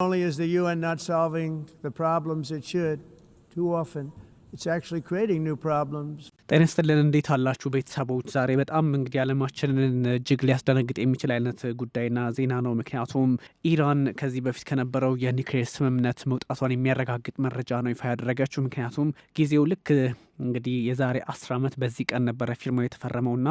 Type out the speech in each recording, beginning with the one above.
only is the UN not solving the problems it should too often, it's actually creating new problems. ጤና ይስጥልን እንዴት አላችሁ ቤተሰቦች? ዛሬ በጣም እንግዲህ ዓለማችንን እጅግ ሊያስደነግጥ የሚችል አይነት ጉዳይና ዜና ነው። ምክንያቱም ኢራን ከዚህ በፊት ከነበረው የኒውክሌር ስምምነት መውጣቷን የሚያረጋግጥ መረጃ ነው ይፋ ያደረገችው። ምክንያቱም ጊዜው ልክ እንግዲህ የዛሬ አስር ዓመት በዚህ ቀን ነበረ ፊርማው የተፈረመውና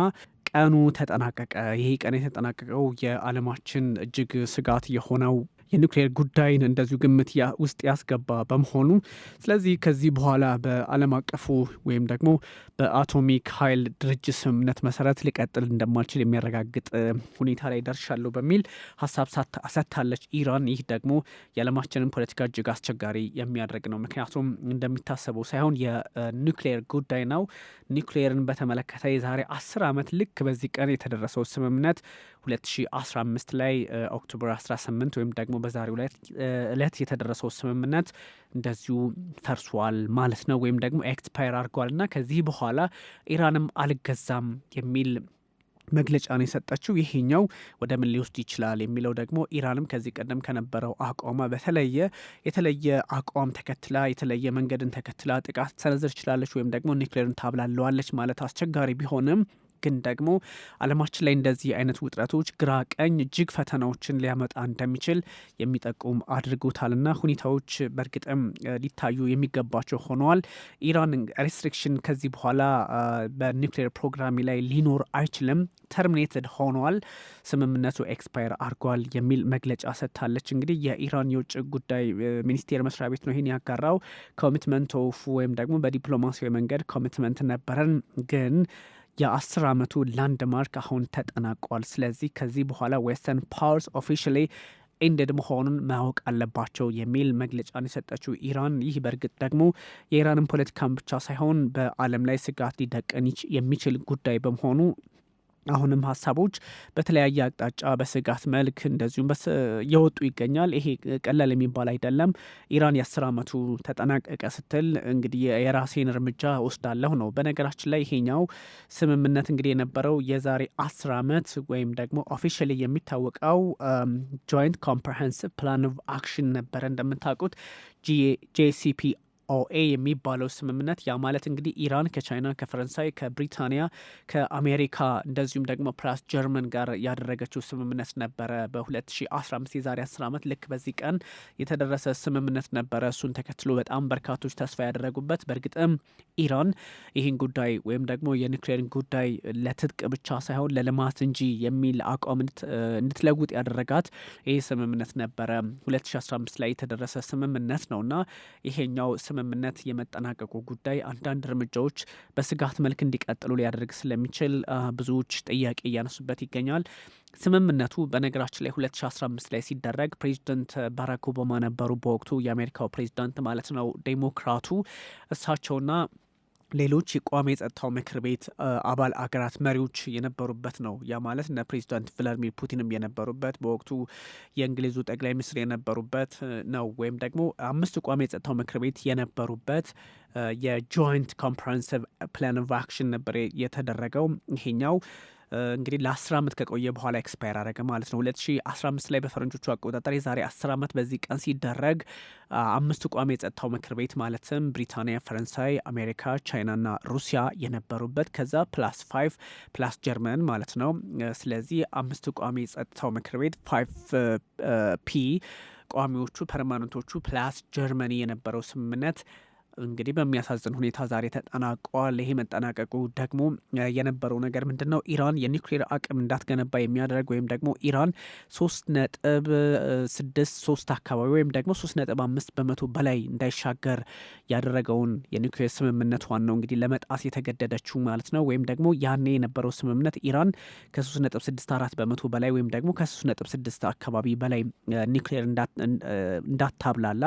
ቀኑ ተጠናቀቀ። ይሄ ቀን የተጠናቀቀው የዓለማችን እጅግ ስጋት የሆነው የኒውክሌር ጉዳይን እንደዚሁ ግምት ውስጥ ያስገባ በመሆኑ ስለዚህ ከዚህ በኋላ በዓለም አቀፉ ወይም ደግሞ በአቶሚክ ኃይል ድርጅት ስምምነት መሰረት ሊቀጥል እንደማልችል የሚያረጋግጥ ሁኔታ ላይ ደርሻለሁ በሚል ሀሳብ ሰጥታለች ኢራን። ይህ ደግሞ የዓለማችንን ፖለቲካ እጅግ አስቸጋሪ የሚያደርግ ነው። ምክንያቱም እንደሚታሰበው ሳይሆን የኒክሌር ጉዳይ ነው። ኒክሌርን በተመለከተ የዛሬ አስር ዓመት ልክ ልክ በዚህ ቀን የተደረሰው ስምምነት 2015 ላይ ኦክቶበር 18 ወይም ደግሞ በዛሬው ዕለት የተደረሰው ስምምነት እንደዚሁ ፈርሷል ማለት ነው ወይም ደግሞ ኤክስፓየር አድርጓል እና ከዚህ በኋላ ኢራንም አልገዛም የሚል መግለጫ ነው የሰጠችው። ይሄኛው ወደ ምን ሊወስድ ይችላል የሚለው ደግሞ ኢራንም ከዚህ ቀደም ከነበረው አቋሟ በተለየ የተለየ አቋም ተከትላ የተለየ መንገድን ተከትላ ጥቃት ሰነዝር ችላለች ወይም ደግሞ ኒክሌርን ታብላለዋለች ማለት አስቸጋሪ ቢሆንም ግን ደግሞ አለማችን ላይ እንደዚህ አይነት ውጥረቶች ግራ ቀኝ እጅግ ፈተናዎችን ሊያመጣ እንደሚችል የሚጠቁም አድርጎታልና ሁኔታዎች በእርግጥም ሊታዩ የሚገባቸው ሆነዋል። ኢራን ሬስትሪክሽን ከዚህ በኋላ በኒውክሌር ፕሮግራሚ ላይ ሊኖር አይችልም፣ ተርሚኔትድ ሆኗል፣ ስምምነቱ ኤክስፓየር አድርጓል የሚል መግለጫ ሰጥታለች። እንግዲህ የኢራን የውጭ ጉዳይ ሚኒስቴር መስሪያ ቤት ነው ይህን ያጋራው። ኮሚትመንት ኦፍ ወይም ደግሞ በዲፕሎማሲያዊ መንገድ ኮሚትመንት ነበረን ግን የአስር ዓመቱ ላንድማርክ አሁን ተጠናቋል። ስለዚህ ከዚህ በኋላ ዌስተርን ፓወርስ ኦፊሻሊ ኢንድድ መሆኑን ማወቅ አለባቸው የሚል መግለጫን የሰጠችው ኢራን ይህ በእርግጥ ደግሞ የኢራንን ፖለቲካን ብቻ ሳይሆን በዓለም ላይ ስጋት ሊደቀን የሚችል ጉዳይ በመሆኑ አሁንም ሀሳቦች በተለያየ አቅጣጫ በስጋት መልክ እንደዚሁም የወጡ ይገኛል። ይሄ ቀላል የሚባል አይደለም። ኢራን የአስር ዓመቱ ተጠናቀቀ ስትል እንግዲህ የራሴን እርምጃ ወስዳለሁ ነው። በነገራችን ላይ ይሄኛው ስምምነት እንግዲህ የነበረው የዛሬ አስር ዓመት ወይም ደግሞ ኦፊሻሊ የሚታወቀው ጆይንት ኮምፕሬሄንሲቭ ፕላን ኦፍ አክሽን ነበረ እንደምታውቁት ጂሲፒ ኦኤ የሚባለው ስምምነት ያ ማለት እንግዲህ ኢራን ከቻይና፣ ከፈረንሳይ፣ ከብሪታንያ፣ ከአሜሪካ እንደዚሁም ደግሞ ፕላስ ጀርመን ጋር ያደረገችው ስምምነት ነበረ። በ2015 የዛሬ 10 ዓመት ልክ በዚህ ቀን የተደረሰ ስምምነት ነበረ። እሱን ተከትሎ በጣም በርካቶች ተስፋ ያደረጉበት በእርግጥም ኢራን ይህን ጉዳይ ወይም ደግሞ የኒክሌርን ጉዳይ ለትጥቅ ብቻ ሳይሆን ለልማት እንጂ የሚል አቋም እንድትለውጥ ያደረጋት ይህ ስምምነት ነበረ። 2015 ላይ የተደረሰ ስምምነት ነውና ይሄኛው ስምምነት የመጠናቀቁ ጉዳይ አንዳንድ እርምጃዎች በስጋት መልክ እንዲቀጥሉ ሊያደርግ ስለሚችል ብዙዎች ጥያቄ እያነሱበት ይገኛል። ስምምነቱ በነገራችን ላይ 2015 ላይ ሲደረግ ፕሬዚደንት ባራክ ኦባማ ነበሩ፣ በወቅቱ የአሜሪካው ፕሬዚዳንት ማለት ነው ዴሞክራቱ እሳቸውና ሌሎች የቋሚ የጸጥታው ምክር ቤት አባል አገራት መሪዎች የነበሩበት ነው። ያ ማለት እነ ፕሬዚዳንት ቭላዲሚር ፑቲንም የነበሩበት በወቅቱ የእንግሊዙ ጠቅላይ ሚኒስትር የነበሩበት ነው። ወይም ደግሞ አምስት ቋሚ የጸጥታው ምክር ቤት የነበሩበት የጆይንት ኮምፕሬሄንሲቭ ፕላን ኦፍ አክሽን ነበር የተደረገው ይሄኛው እንግዲህ ለ10 ዓመት ከቆየ በኋላ ኤክስፓየር አረገ ማለት ነው። 2015 ላይ በፈረንጆቹ አቆጣጠር የዛሬ 10 ዓመት በዚህ ቀን ሲደረግ አምስቱ ቋሚ የጸጥታው ምክር ቤት ማለትም ብሪታንያ፣ ፈረንሳይ፣ አሜሪካ፣ ቻይናና ሩሲያ የነበሩበት ከዛ ፕላስ ፋይቭ ፕላስ ጀርመን ማለት ነው። ስለዚህ አምስቱ ቋሚ የጸጥታው ምክር ቤት ፋይቭ ፒ ቋሚዎቹ ፐርማነንቶቹ ፕላስ ጀርመኒ የነበረው ስምምነት እንግዲህ በሚያሳዝን ሁኔታ ዛሬ ተጠናቋል። ይሄ መጠናቀቁ ደግሞ የነበረው ነገር ምንድን ነው? ኢራን የኒውክሌር አቅም እንዳትገነባ የሚያደርግ ወይም ደግሞ ኢራን ሶስት ነጥብ ስድስት ሶስት አካባቢ ወይም ደግሞ ሶስት ነጥብ አምስት በመቶ በላይ እንዳይሻገር ያደረገውን የኒውክሌር ስምምነት ዋናው እንግዲህ ለመጣስ የተገደደችው ማለት ነው። ወይም ደግሞ ያኔ የነበረው ስምምነት ኢራን ከሶስት ነጥብ ስድስት አራት በመቶ በላይ ወይም ደግሞ ከሶስት ነጥብ ስድስት አካባቢ በላይ ኒውክሌር እንዳታብላላ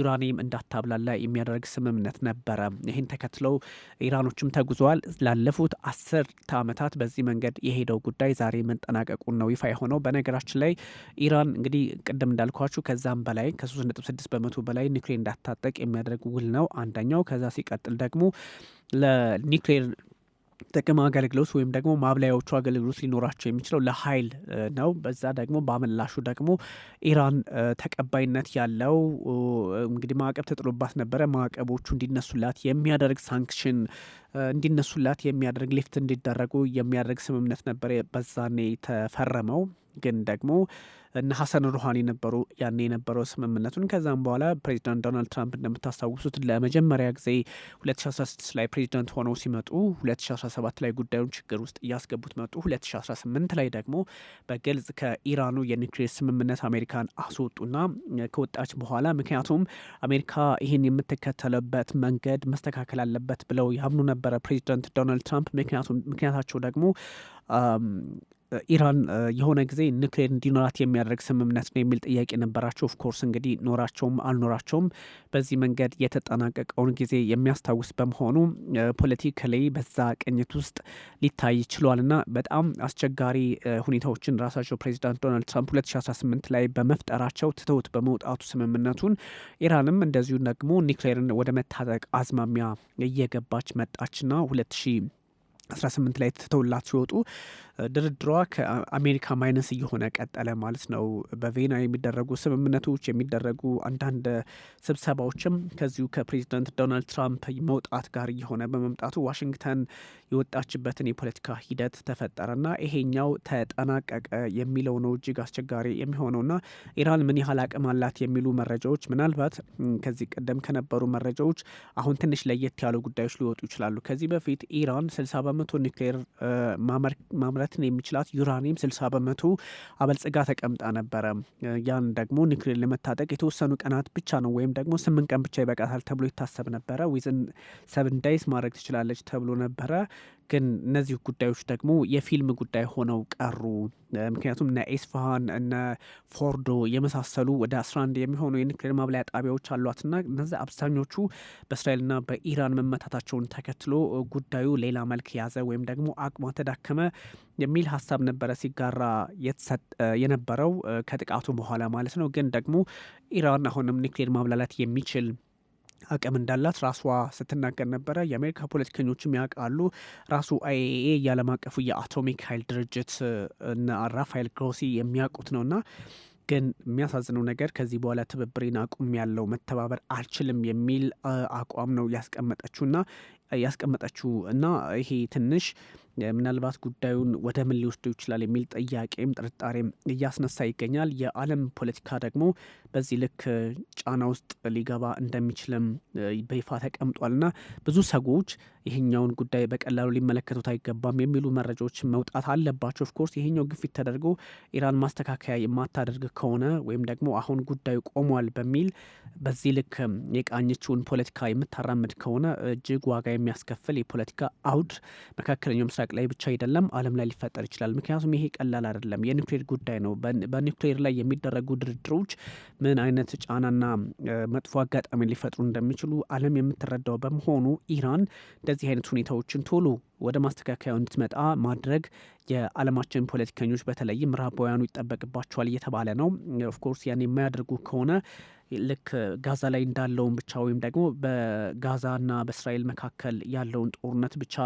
ዩራኒየም እንዳታብላላ የሚያደርግ ስምምነት ስምምነት ነበረ። ይህን ተከትለው ኢራኖችም ተጉዘዋል። ላለፉት አስርተ ዓመታት በዚህ መንገድ የሄደው ጉዳይ ዛሬ መጠናቀቁን ነው ይፋ የሆነው። በነገራችን ላይ ኢራን እንግዲህ ቅድም እንዳልኳችሁ ከዛም በላይ ከ3.6 በመቶ በላይ ኒውክሌር እንዳታጠቅ የሚያደርግ ውል ነው አንደኛው። ከዛ ሲቀጥል ደግሞ ለኒውክሌር ጥቅም አገልግሎት ወይም ደግሞ ማብላያዎቹ አገልግሎት ሊኖራቸው የሚችለው ለኃይል ነው። በዛ ደግሞ በአመላሹ ደግሞ ኢራን ተቀባይነት ያለው እንግዲህ ማዕቀብ ተጥሎባት ነበረ። ማዕቀቦቹ እንዲነሱላት የሚያደርግ ሳንክሽን እንዲነሱላት የሚያደርግ ሊፍት እንዲደረጉ የሚያደርግ ስምምነት ነበረ በዛኔ ተፈረመው። ግን ደግሞ እነ ሀሰን ሩሃኒ ነበሩ ያኔ የነበረው ስምምነቱን። ከዛም በኋላ ፕሬዚዳንት ዶናልድ ትራምፕ እንደምታስታውሱት ለመጀመሪያ ጊዜ 2016 ላይ ፕሬዚዳንት ሆነው ሲመጡ 2017 ላይ ጉዳዩን ችግር ውስጥ እያስገቡት መጡ። 2018 ላይ ደግሞ በግልጽ ከኢራኑ የኒውክሌር ስምምነት አሜሪካን አስወጡና ከወጣች በኋላ ምክንያቱም አሜሪካ ይህን የምትከተልበት መንገድ መስተካከል አለበት ብለው ያምኑ ነበረ ፕሬዚዳንት ዶናልድ ትራምፕ ምክንያቱም ምክንያታቸው ደግሞ ኢራን የሆነ ጊዜ ኒክሌር እንዲኖራት የሚያደርግ ስምምነት ነው የሚል ጥያቄ ነበራቸው። ኦፍኮርስ እንግዲህ ኖራቸውም አልኖራቸውም በዚህ መንገድ የተጠናቀቀውን ጊዜ የሚያስታውስ በመሆኑ ፖለቲካሊ በዛ ቅኝት ውስጥ ሊታይ ችሏልና በጣም አስቸጋሪ ሁኔታዎችን ራሳቸው ፕሬዚዳንት ዶናልድ ትራምፕ 2018 ላይ በመፍጠራቸው ትተውት በመውጣቱ ስምምነቱን ኢራንም እንደዚሁ ደግሞ ኒክሌርን ወደ መታጠቅ አዝማሚያ እየገባች መጣችና 2000 18 ላይ ትተውላት ሲወጡ ድርድሯ ከአሜሪካ ማይነስ እየሆነ ቀጠለ ማለት ነው። በቬና የሚደረጉ ስምምነቶች የሚደረጉ አንዳንድ ስብሰባዎችም ከዚሁ ከፕሬዚዳንት ዶናልድ ትራምፕ መውጣት ጋር እየሆነ በመምጣቱ ዋሽንግተን የወጣችበትን የፖለቲካ ሂደት ተፈጠረና ይሄኛው ተጠናቀቀ የሚለው ነው እጅግ አስቸጋሪ የሚሆነውና ኢራን ምን ያህል አቅም አላት የሚሉ መረጃዎች ምናልባት ከዚህ ቀደም ከነበሩ መረጃዎች አሁን ትንሽ ለየት ያሉ ጉዳዮች ሊወጡ ይችላሉ። ከዚህ በፊት ኢራን 60 በመቶ ኒክሌር ማምረትን የሚችላት ዩራኒየም 60 በመቶ አበልጽጋ ተቀምጣ ነበረ። ያን ደግሞ ኒክሌር ለመታጠቅ የተወሰኑ ቀናት ብቻ ነው ወይም ደግሞ ስምንት ቀን ብቻ ይበቃታል ተብሎ ይታሰብ ነበረ። ዊዝን ሰብን ዳይስ ማድረግ ትችላለች ተብሎ ነበረ። ግን እነዚህ ጉዳዮች ደግሞ የፊልም ጉዳይ ሆነው ቀሩ። ምክንያቱም እነ ኤስፋሃን እነ ፎርዶ የመሳሰሉ ወደ 11 የሚሆኑ የኒክሌር ማብላያ ጣቢያዎች አሏትና እነዚህ አብዛኞቹ በእስራኤልና በኢራን መመታታቸውን ተከትሎ ጉዳዩ ሌላ መልክ ያዘ ወይም ደግሞ አቅሟ ተዳከመ የሚል ሀሳብ ነበረ ሲጋራ የነበረው ከጥቃቱ በኋላ ማለት ነው። ግን ደግሞ ኢራን አሁንም ኒክሌር ማብላላት የሚችል አቅም እንዳላት ራሷ ስትናገር ነበረ። የአሜሪካ ፖለቲከኞችም ያውቃሉ። ራሱ አይኤኤ የዓለም አቀፉ የአቶሚክ ኃይል ድርጅት እና ራፋኤል ግሮሲ የሚያውቁት ነውና ግን የሚያሳዝነው ነገር ከዚህ በኋላ ትብብሬን አቁም ያለው መተባበር አልችልም የሚል አቋም ነው ያስቀመጠችው እና ያስቀመጠችው እና ይሄ ትንሽ ምናልባት ጉዳዩን ወደ ምን ሊወስዱ ይችላል የሚል ጥያቄም ጥርጣሬም እያስነሳ ይገኛል። የዓለም ፖለቲካ ደግሞ በዚህ ልክ ጫና ውስጥ ሊገባ እንደሚችልም በይፋ ተቀምጧልና ብዙ ሰዎች ይህኛውን ጉዳይ በቀላሉ ሊመለከቱት አይገባም የሚሉ መረጃዎች መውጣት አለባቸው። ኦፍኮርስ ይህኛው ግፊት ተደርጎ ኢራን ማስተካከያ የማታደርግ ከሆነ ወይም ደግሞ አሁን ጉዳዩ ቆሟል በሚል በዚህ ልክ የቃኘችውን ፖለቲካ የምታራምድ ከሆነ እጅግ ዋጋ የሚያስከፍል የፖለቲካ አውድ መካከለኛው ምስራቅ ላይ ብቻ አይደለም፣ አለም ላይ ሊፈጠር ይችላል። ምክንያቱም ይሄ ቀላል አይደለም፣ የኒክሌር ጉዳይ ነው። በኒክሌር ላይ የሚደረጉ ድርድሮች ምን አይነት ጫናና መጥፎ አጋጣሚ ሊፈጥሩ እንደሚችሉ አለም የምትረዳው በመሆኑ ኢራን እንደዚህ አይነት ሁኔታዎችን ቶሎ ወደ ማስተካከያው እንድትመጣ ማድረግ የዓለማችን ፖለቲከኞች በተለይ ምዕራባውያኑ ይጠበቅባቸዋል እየተባለ ነው። ኦፍኮርስ ያን የማያደርጉ ከሆነ ልክ ጋዛ ላይ እንዳለውን ብቻ ወይም ደግሞ በጋዛና በእስራኤል መካከል ያለውን ጦርነት ብቻ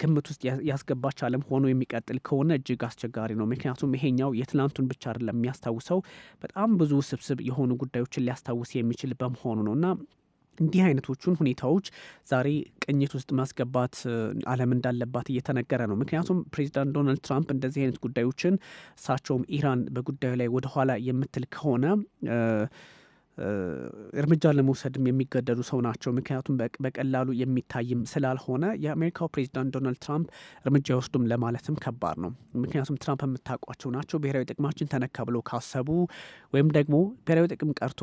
ግምት ውስጥ ያስገባች አለም ሆኖ የሚቀጥል ከሆነ እጅግ አስቸጋሪ ነው። ምክንያቱም ይሄኛው የትናንቱን ብቻ አይደለም የሚያስታውሰው በጣም ብዙ ስብስብ የሆኑ ጉዳዮችን ሊያስታውስ የሚችል በመሆኑ ነው እና እንዲህ አይነቶቹን ሁኔታዎች ዛሬ ቅኝት ውስጥ ማስገባት አለም እንዳለባት እየተነገረ ነው። ምክንያቱም ፕሬዚዳንት ዶናልድ ትራምፕ እንደዚህ አይነት ጉዳዮችን እሳቸውም ኢራን በጉዳዩ ላይ ወደኋላ የምትል ከሆነ እርምጃ ለመውሰድም የሚገደዱ ሰው ናቸው። ምክንያቱም በቀላሉ የሚታይም ስላልሆነ የአሜሪካው ፕሬዚዳንት ዶናልድ ትራምፕ እርምጃ ይወስዱም ለማለትም ከባድ ነው። ምክንያቱም ትራምፕ የምታውቋቸው ናቸው። ብሔራዊ ጥቅማችን ተነካ ብሎ ካሰቡ ወይም ደግሞ ብሔራዊ ጥቅም ቀርቶ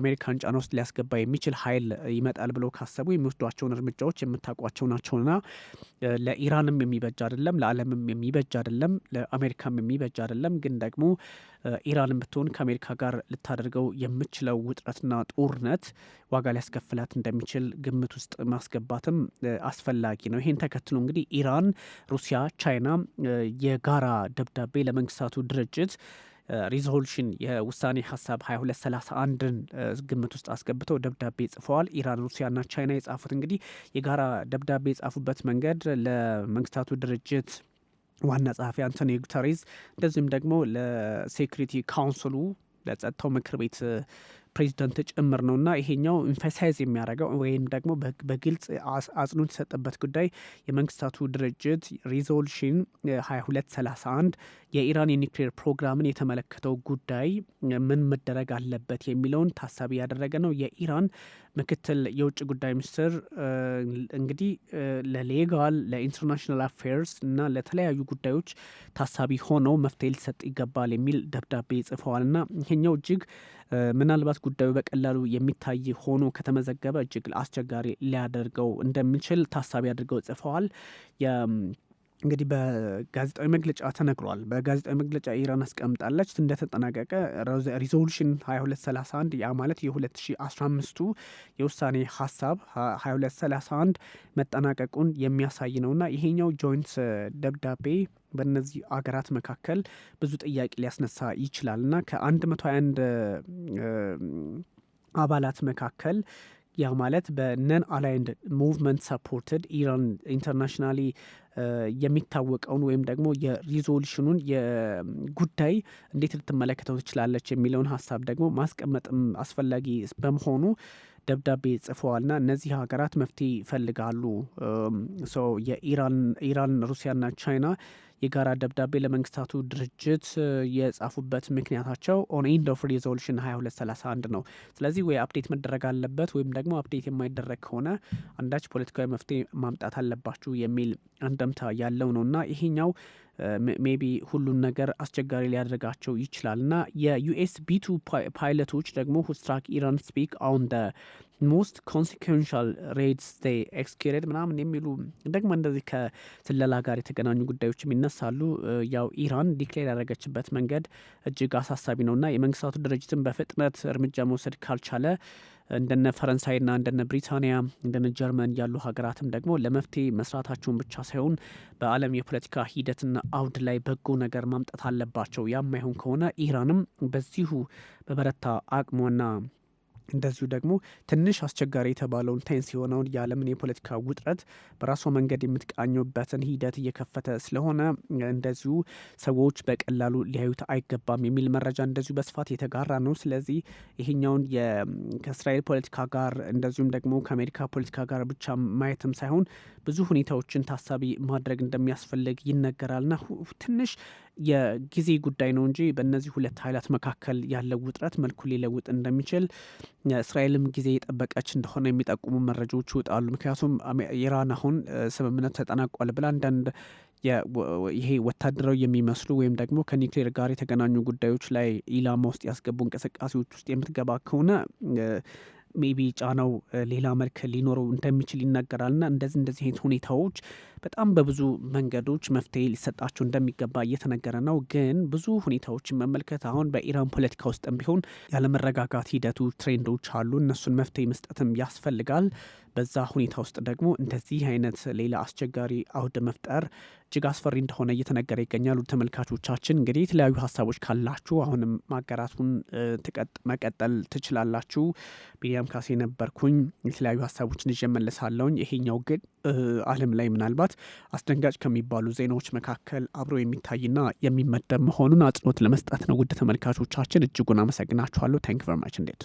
አሜሪካን ጫና ውስጥ ሊያስገባ የሚችል ኃይል ይመጣል ብሎ ካሰቡ የሚወስዷቸውን እርምጃዎች የምታውቋቸው ናቸውና ለኢራንም የሚበጅ አይደለም፣ ለአለምም የሚበጅ አይደለም፣ ለአሜሪካም የሚበጅ አይደለም ግን ደግሞ ኢራን ብትሆን ከአሜሪካ ጋር ልታደርገው የምችለው ውጥረትና ጦርነት ዋጋ ሊያስከፍላት እንደሚችል ግምት ውስጥ ማስገባትም አስፈላጊ ነው። ይሄን ተከትሎ እንግዲህ ኢራን፣ ሩሲያ፣ ቻይና የጋራ ደብዳቤ ለመንግስታቱ ድርጅት ሪዞሉሽን የውሳኔ ሀሳብ 2231ን ግምት ውስጥ አስገብተው ደብዳቤ ጽፈዋል። ኢራን ሩሲያና ቻይና የጻፉት እንግዲህ የጋራ ደብዳቤ የጻፉበት መንገድ ለመንግስታቱ ድርጅት ዋና ጸሐፊ አንቶኒ ጉተሬዝ እንደዚሁም ደግሞ ለሴኩሪቲ ካውንስሉ ለጸጥታው ምክር ቤት ፕሬዚደንት ጭምር ነው እና ይሄኛው ኢንፈሳይዝ የሚያደርገው ወይም ደግሞ በግልጽ አጽንኦት የተሰጠበት ጉዳይ የመንግስታቱ ድርጅት ሪዞሉሽን 2231 የኢራን የኒክሌር ፕሮግራምን የተመለከተው ጉዳይ ምን መደረግ አለበት የሚለውን ታሳቢ ያደረገ ነው። የኢራን ምክትል የውጭ ጉዳይ ሚኒስትር እንግዲህ ለሌጋል ለኢንተርናሽናል አፌርስ እና ለተለያዩ ጉዳዮች ታሳቢ ሆነው መፍትሄ ሊሰጥ ይገባል የሚል ደብዳቤ ጽፈዋል እና ይሄኛው እጅግ ምናልባት ጉዳዩ በቀላሉ የሚታይ ሆኖ ከተመዘገበ እጅግ አስቸጋሪ ሊያደርገው እንደሚችል ታሳቢ አድርገው ጽፈዋል። እንግዲህ በጋዜጣዊ መግለጫ ተነግሯል። በጋዜጣዊ መግለጫ ኢራን አስቀምጣለች እንደተጠናቀቀ ሪዞሉሽን 2231 ያ ማለት የ2015ቱ የውሳኔ ሀሳብ 2231 መጠናቀቁን የሚያሳይ ነውና ይሄኛው ጆይንት ደብዳቤ በእነዚህ አገራት መካከል ብዙ ጥያቄ ሊያስነሳ ይችላል እና ከ121 አባላት መካከል ያ ማለት በነን አላይንድ ሙቭመንት ሰፖርትድ ኢራን ኢንተርናሽናሊ uh, የሚታወቀውን ወይም ደግሞ የሪዞሉሽኑን ጉዳይ እንዴት ልትመለከተው ትችላለች የሚለውን ሀሳብ ደግሞ ማስቀመጥም አስፈላጊ በመሆኑ ደብዳቤ ጽፈዋልና እነዚህ ሀገራት መፍትሄ ይፈልጋሉ። የኢራን ኢራን ሩሲያና ቻይና የጋራ ደብዳቤ ለመንግስታቱ ድርጅት የጻፉበት ምክንያታቸው ኦን ኦፍ ሪዞሉሽን 2231 ነው። ስለዚህ ወይ አፕዴት መደረግ አለበት ወይም ደግሞ አፕዴት የማይደረግ ከሆነ አንዳች ፖለቲካዊ መፍትሄ ማምጣት አለባችሁ የሚል አንደምታ ያለው ነው እና ይሄኛው ሜቢ ሁሉን ነገር አስቸጋሪ ሊያደርጋቸው ይችላል እና የዩኤስ ቢቱ ፓይለቶች ደግሞ ሁስትራክ ኢራን ስፒክ አሁን ደ ሞስት ኮንሲኩዌንሻል ሬድስ ዴይ ኤክስኪሬድ ምናምን የሚሉ ደግሞ እንደዚህ ከስለላ ጋር የተገናኙ ጉዳዮችም ይነሳሉ። ያው ኢራን ዲክሌር ያደረገችበት መንገድ እጅግ አሳሳቢ ነው እና የመንግስታቱ ድርጅትን በፍጥነት እርምጃ መውሰድ ካልቻለ እንደነ ፈረንሳይና እንደነ ብሪታንያ እንደነ ጀርመን ያሉ ሀገራትም ደግሞ ለመፍትሄ መስራታቸውን ብቻ ሳይሆን በዓለም የፖለቲካ ሂደትና አውድ ላይ በጎ ነገር ማምጣት አለባቸው። ያማይሆን ከሆነ ኢራንም በዚሁ በበረታ አቅሞና። እንደዚሁ ደግሞ ትንሽ አስቸጋሪ የተባለውን ቴንስ የሆነውን የዓለምን የፖለቲካ ውጥረት በራሷ መንገድ የምትቃኙበትን ሂደት እየከፈተ ስለሆነ እንደዚሁ ሰዎች በቀላሉ ሊያዩት አይገባም የሚል መረጃ እንደዚሁ በስፋት የተጋራ ነው። ስለዚህ ይሄኛውን ከእስራኤል ፖለቲካ ጋር እንደዚሁም ደግሞ ከአሜሪካ ፖለቲካ ጋር ብቻ ማየትም ሳይሆን ብዙ ሁኔታዎችን ታሳቢ ማድረግ እንደሚያስፈልግ ና ትንሽ የጊዜ ጉዳይ ነው እንጂ በእነዚህ ሁለት ኃይላት መካከል ያለው ውጥረት መልኩ ሊለውጥ እንደሚችል እስራኤልም ጊዜ የጠበቀች እንደሆነ የሚጠቁሙ መረጃዎች ይወጣሉ። ምክንያቱም ኢራን አሁን ስምምነት ተጠናቋል ብላ አንዳንድ ይሄ ወታደራዊ የሚመስሉ ወይም ደግሞ ከኒውክሌር ጋር የተገናኙ ጉዳዮች ላይ ኢላማ ውስጥ ያስገቡ እንቅስቃሴዎች ውስጥ የምትገባ ከሆነ ሜቢ ጫናው ሌላ መልክ ሊኖረው እንደሚችል ይናገራልና እንደዚህ እንደዚህ አይነት ሁኔታዎች በጣም በብዙ መንገዶች መፍትሄ ሊሰጣቸው እንደሚገባ እየተነገረ ነው። ግን ብዙ ሁኔታዎችን መመልከት አሁን በኢራን ፖለቲካ ውስጥም ቢሆን ያለመረጋጋት ሂደቱ ትሬንዶች አሉ። እነሱን መፍትሄ መስጠትም ያስፈልጋል። በዛ ሁኔታ ውስጥ ደግሞ እንደዚህ አይነት ሌላ አስቸጋሪ አውድ መፍጠር እጅግ አስፈሪ እንደሆነ እየተነገረ ይገኛሉ። ተመልካቾቻችን እንግዲህ የተለያዩ ሀሳቦች ካላችሁ አሁንም ማጋራቱን መቀጠል ትችላላችሁ። ቢኒያም ካሴ ነበርኩኝ። የተለያዩ ሀሳቦችን ይዤ መለሳለሁኝ። ይሄኛው ግን ዓለም ላይ ምናልባት አስደንጋጭ ከሚባሉ ዜናዎች መካከል አብሮ የሚታይና የሚመደብ መሆኑን አጽንኦት ለመስጠት ነው። ውድ ተመልካቾቻችን እጅጉን አመሰግናችኋለሁ። ታንክ ቨርማች እንዴት